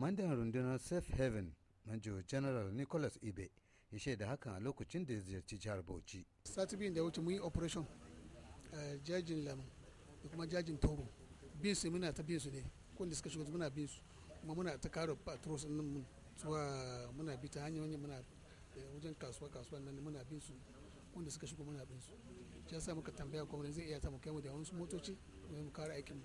kwamandan rundunar safe haven manjo general nicholas ibe ya shaida hakan a lokacin da ya ziyarci jihar bauchi sati biyun da ya wuce mun yi operation eh, jajin lamu da kuma jajin toro bin su muna ta bin su ne da suka shigo muna bin su kuma muna ta karo patrols din mun zuwa muna bi ta hanyar muna eh, wajen kasuwa kasuwa nan muna bin su da suka shigo muna bin su shi yasa muka tambaya gwamnati zai iya ta mu kai mu da wasu motoci domin mu kare aikin mu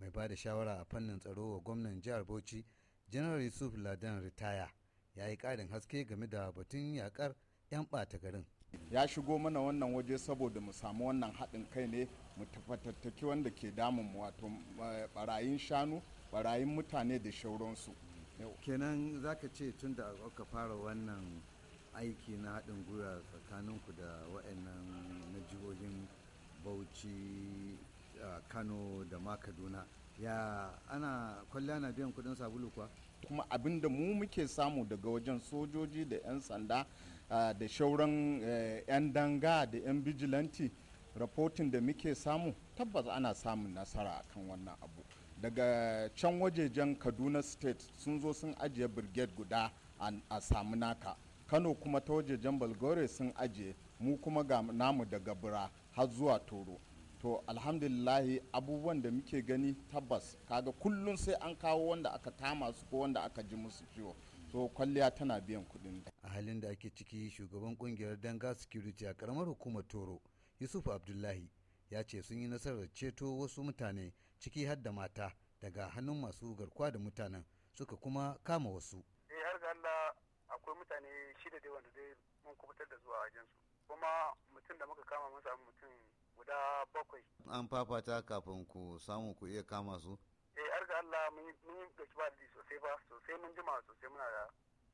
mai ba da shawara a fannin tsaro wa gwamnan jihar Bauchi janar yusuf ladan ritaya ya yi karin haske game da batun yakar 'yan ɓata garin ya shigo mana wannan waje saboda mu samu wannan haɗin kai ne mu tafatattaki wanda ke damun wato barayin eh, shanu barayin mutane da shauransu kenan za ka ce tun da aka fara wannan aiki na haɗin gwiwa tsakaninku da wa'annan na jihohin bauchi eh, kano da ma kaduna ya ana kwalliya na biyan kudin sabulu kuwa kuma abinda mu muke samu daga wajen sojoji da 'yan sanda da shauran 'yan e, danga da 'yan bijilanti rahoton da muke samu tabbas ana samun nasara akan wannan abu daga can wajejen kaduna state sun zo sun ajiye brigade guda a samu naka kano kuma ta wajejen balgore sun ajiye mu kuma ga namu daga bura har zuwa toro to alhamdulillahi abubuwan da muke gani tabbas kaga kullum sai an kawo wanda aka kama su ko wanda aka ji musu ciwo so kwalliya tana biyan kuɗin a halin da ake ciki shugaban kungiyar danga security a karamar hukumar toro yusuf abdullahi ya ce sun yi nasarar ceto wasu mutane ciki har da mata daga hannun masu garkuwa da mutanen suka kuma kama wasu eh har ga Allah akwai mutane shida dai wanda dai mun kubutar da zuwa wajen su kuma mutum da muka kama mun abin mutum guda bakwai. An fafata kafin ku samu ku iya kama su? Eh, har ga Allah mun yi ɗauki ba sosai ba, sosai mun jima sosai muna da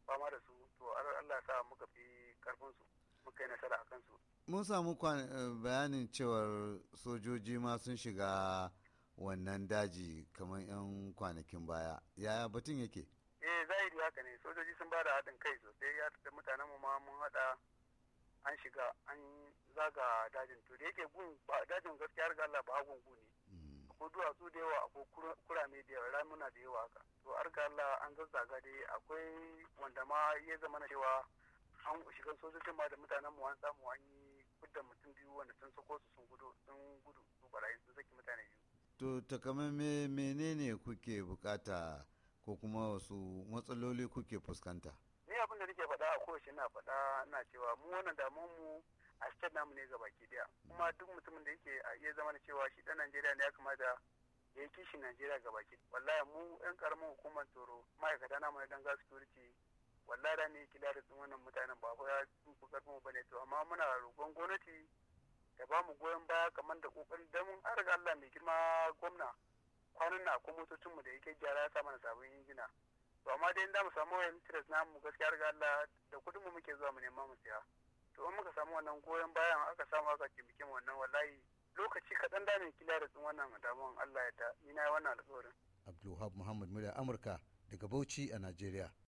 fama da su, to har Allah sa muka fi karfin su, muka yi nasara a kansu. Mun samu eh, bayanin cewar sojoji ma sun shiga wannan daji kamar 'yan kwanakin baya. Yaya batun yake? Eh, zahiri haka ne, sojoji sun ba da haɗin kai sosai, ya da mutanenmu ma mun haɗa an shiga an zaga dajin to da yake gun ba dajin gaskiya har Allah ba gun ne mm. akwai duwatsu da yawa akwai kurame da yawa ramuna da yawa haka to har Allah an zazzaga dai akwai wanda ma ya zama na cewa an shiga sojojin ma da mutanen mu an samu an yi gudda mutum biyu wanda sun sako su sun gudu sun gudu su barayi sun saki mutane biyu to takamaimai menene kuke bukata ko kuma wasu matsaloli kuke fuskanta abin da nake faɗa a kowace na faɗa na cewa mu wannan damuwar mu a state namu ne gabaki daya kuma duk mutumin da yake a iya zama cewa shi dan Najeriya ne ya kamata ya yi kishin Najeriya gabaki wallahi mu yan karamin hukumar tsoro ma'aikata namu na dan security wallahi da ne kila da wannan mutanen ba ya ku karfin mu bane to amma muna roƙon gwamnati ta ba mu goyon baya kamar da kokarin da mun an riga Allah mai girma gwamna kwanan na akwai motocin mu da yake gyara ya sa mana sabon injina to amma dai da mu samu wayan interest namu gaskiya ga Allah da kudin mu muke zuwa mu nema mu siya to in muka samu wannan goyon bayan aka samu aka taimake mu wannan wallahi lokaci kaɗan da ne kila da tsin wannan damuwan Allah ya ta ni na wannan alƙawarin Abdulwahab Muhammad Murya Amurka daga Bauchi a Najeriya